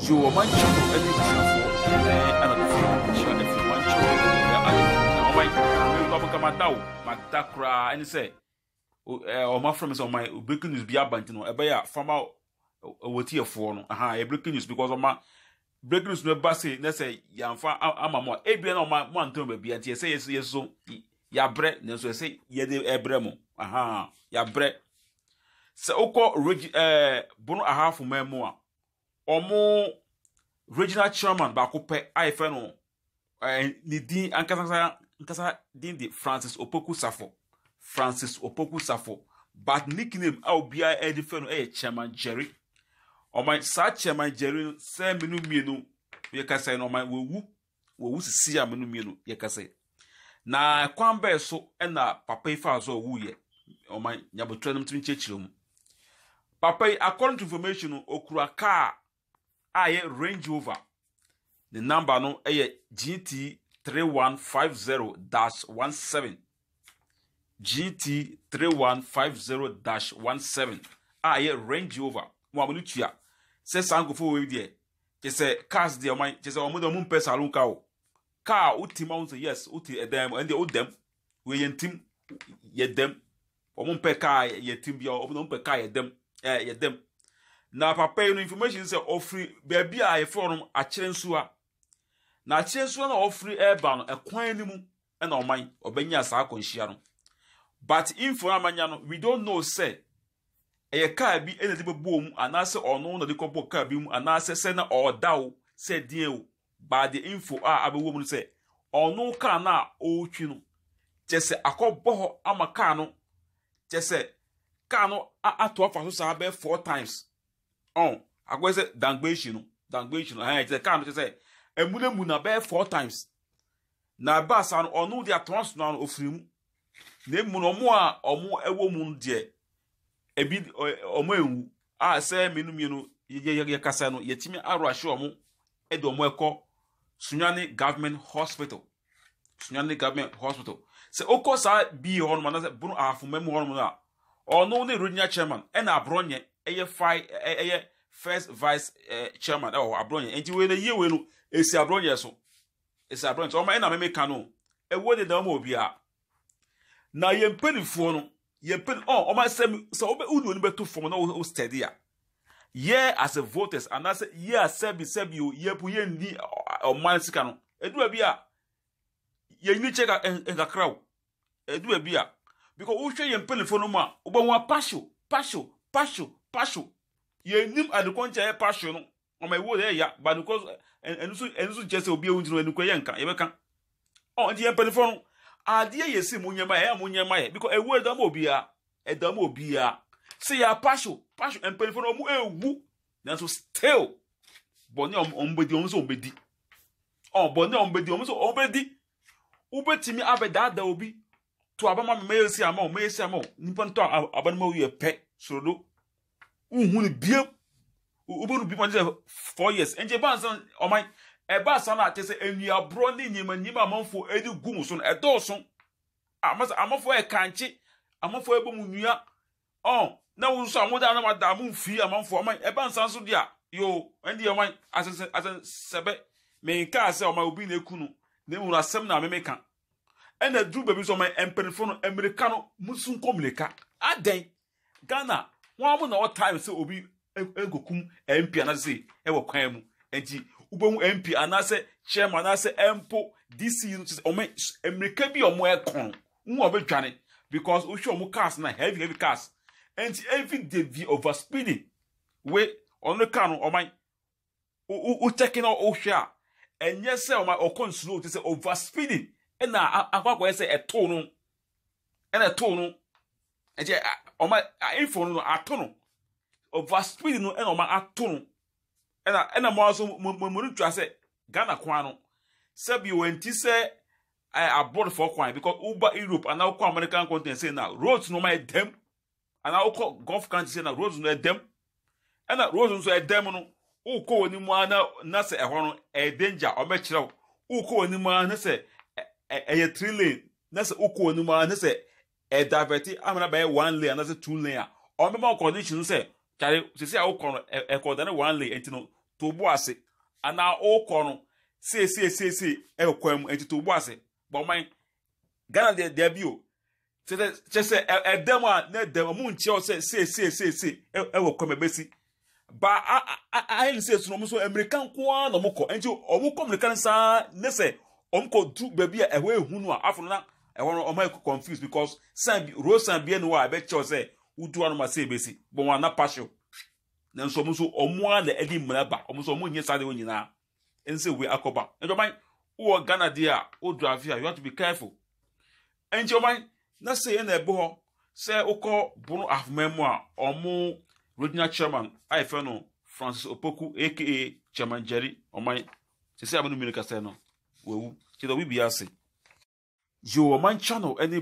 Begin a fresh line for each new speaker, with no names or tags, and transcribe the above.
yi wɔ mankyew ɛne busuafoɔ ɛnɛ anadɔfoɔ ahyia afiri mankyew ɛnɛ adwuma na ɔman mmenkɔ abɛkama da wo magda koraa ɛne sɛ ɔma frɛ me sɛ ɔman breaking news bi aba nti no ɛbɛyɛ a fama wɔtiɛfoɔ no aha yɛ breaking news because ɔma breaking news no ba se ne sɛ yɛamfa ama mo a ebia na ɔma mo antɛm baabia nti ɛsɛ yɛsɛ yɛso yɛabrɛ nanso ɛsɛ yɛde ɛbrɛ mo aha yɛabrɛ sɛ wokɔ bono ahafo man mu a ɔmo regional chairman baako pɛ a yɛfrɛ no ɛɛ eh, ne din ankasa ankasa din de francis opoku safo francis opoku safo but nickname a obiara ɛde fɛ no ɛyɛ e chairman jerry ɔman saa chairman jerry no sɛ mmienu mmienu yɛ kasa yi no ɔman wɔwu wɔwu sisi a mmienu mmienu yɛ kasa yi na kwan bɛɛ so ɛna e papa yi e fa so ɔwu yɛ ɔman nyabotura no mu tumi kyerɛkyerɛ mu papa yi according to information no okura kaa. a yɛ range rover ne number no yɛ gt 3150-17 gt 3150-17 a yɛ range rover mo a mo no tua sɛ saa nkurɔfoɔ wɔ deɛ kyɛ sɛ cars deɛ ɔman kyɛ sɛ ɔmo deɛ ɔmo mpɛ salon Ka o car wotim a wosɛ yes wote ɛdan mu ɛn deɛ wodam wɔyɛ ntim yɛ dam ɔmo mpɛ car yɛ tim bia ɔmo mpɛ car yɛ dam ɛɛ yɛ dam na papa yi no information sɛ ɔfiri baabi a yɛfrɛ no akyerɛ nsuwa na akyerɛ nsuwa na ɔfiri ɛreba no ɛkwan no mu ɛna ɔman ɔbɛnya saa akɔnhyia no but info no amanya no we don't know sɛ ɛyɛ kaa bi ɛna de bɛbɔ mu anaasɛ ɔno na de kɔbɔ kaa bi mu anaasɛ sɛ na ɔda o sɛ deɛ o but the info a abɛwɔ mu no sɛ ɔno kaa no a ɔretwi no kyɛ sɛ akɔbɔ hɔ ama kaa no kyɛ sɛ kaa no ato afa so saa bɛ four times on agwa sɛ dangbe shinu dangbe shinu ɛhɛn sɛ emu ne na bɛyɛ four times na ɛba asa no ɔno deɛ atɔn so na ofiri mu na emu na ɔmo a ɔmo ɛwɔ mu deɛ ebi ɔmo ewu a sɛ mmienu mmienu yɛ kasa no yɛtumi aro ahyɛ ɔmo ɛde ɔmo ɛkɔ sunyani government hospital sunyani government hospital sɛ okɔ saa bii hɔ nom anasɛ bunu ahafo mɛmu hɔ nom no a ɔno ne ronya chairman ɛna aborɔ nyɛ ɛyɛ five ɛyɛ first vice ɛɛ chairman ɛwɔ aburɔ yɛn nti wei na yie wei no esi aburɔ yɛn so esi aburɔ yɛn so ɔmo ɛna mɛmɛ ka no ɛwɔ de dɛm ɔmo obiara na yɛn mpanyinfoɔ no yɛn mpanyin ɔ ɔmo asɛm sɛ ɔbɛ udu oni bɛto fam na ɔwɔ steady a yɛ as a voters anaasɛ yɛ asɛbi sɛbi o yɛ po yɛ ni ɔman sika no edura bi a yɛn ni kyɛ ka nkakra o edura bi a because wohwɛ yɛn mpanyinfoɔ no mu a ɔbɛn wɔn apasio pasio pasio passion yɛnim adekɔnkyɛ yɛ passion no ɔma ɛwo yɛ ya ba ne kɔ ɛno so ɛno so nkyɛ sɛ obi ewu ntino ɛnu kɔ yɛ nka yɛbɛka ɔ oh, nti yɛn mpanyinfoɔ no adeɛ yɛ si mu nyɛma yɛ ɛyɛ mu nyɛma yɛ because ɛwo ɛdam obiara ɛdam obiara si yɛ passion passion mpanyinfoɔ no ɔmo ewu nanso still bɔnne oh, a ɔmo bɛ di ɔmo nso ɔmo bɛ di ɔ bɔnne a ɔmo bɛ di ɔmo nso ɔmo bɛ di wobɛtumi abɛdaadaa obi to abama mɛyɛ si ama o mɛyɛ si ama o nipa ntɔ abanimɔ yɛ pɛ sorodo nhunu biem wobɛnu bi pɔnkye sɛ four years nkyɛn ɛbaa nsa ɔman e ɛbaa sa no akyɛ sɛ enuaborɔ ne nyima nyima amanfo edi gu e e mu oh, so no ɛdɔɔso amasa amanfo yɛ kankye amanfo yɛ bɔ mu nua ɔn na wɔn nso amoda anam ada amu nfi amanfo ɔman ɛbaa nsa nso deɛ yoo ɛndi ɔman asɛsɛ asɛsɛbɛ mɛnka asɛ ɔman obi na eku no na emu asɛm na ameme ka ɛna duru baabi nso ɔman mpanyinfo no mmirika no musu nkɔ mmirika adan ghana wɔn mo na ɔtaa sɛ obi Egokum mp anaasɛ ɛwɔ kwan mu nti wobɛhu mp anaasɛ chairman anaasɛ mpo dc no kyerɛ ɔmo mmirika bi a ɔmo ɛkɔn n wɔn bɛdwane because wohwɛ ɔmo cars na heavy heavy cars nti every day bi over speeding we ɔno car no ɔman wokyɛke na wohwɛ a ɛnyɛ sɛ ɔman ɔkɔ nsuro te sɛ over speeding ɛna akɔakɔyɛ sɛ ɛtoo no ɛna ɛtoo ɛkyɛ ɔma info no ato no ova speed no ɛna ɛna ɛna nso mo mo sɛ kwan no sɛbi sɛ ɛɛ kwan because uba europe american continent sɛ na roads no ɔma gulf country sɛ na roads no ɛna roads nso no na sɛ ɛhɔ no ɛyɛ danger ɔmɛkyerɛw wokɔ wɔn anim ara sɛ ɛyɛ three lane na sɛ wokɔ wɔn na sɛ ɛdavɛti amina bɛyɛ one lane anase two lane a ɔmo bɛma condition sɛ kyare sisi a okɔ no ɛkɔda ne one lane eti no to bu ase ana okɔ no seesiesie ɛkɔ mu eti to bu ase bɔnman ghana deɛ deɛ bi o kyerɛ kyerɛ sɛ ɛdɛm a ne dɛm ɔmo nkyɛn sɛ seesiesie ɛwɔ kɔm ɛbɛsi ba a a ayɛ ne seesu no ɔmo nso mmirika nkoa na ɔmo kɔ nti ɔmo kɔ mmirika no saa ne sɛ ɔmo kɔ du baabi a ɛhɔ ehu a afɔ ɛwɔ no ɔmo yɛ confused because san bi road san bia ni hɔ a ɛbɛkyɛw sɛ wotu anoma sɛ ebesi bɔn wɔn anapahyew nanso ɔmo nso ɔmo a na ɛde mmerɛ ba ɔmo nso ɔmo nyɛ saa de wɔn nyinaa ɛnsɛ wei akɔba ɛnso ɔman wowɔ ghana deɛ a o do afi a you have to be careful ɛnti ɔman na sɛ yɛn na ɛbɔ hɔ sɛ wokɔ bono ahoma mu a ɔmo regional chairman a yɛfɛ no francis opoku aka chairman jerry ɔman sɛ sɛ abɛnum mmienu kasa no wawu kyerɛ obi bi ase yɛwɔ ɔman channel ne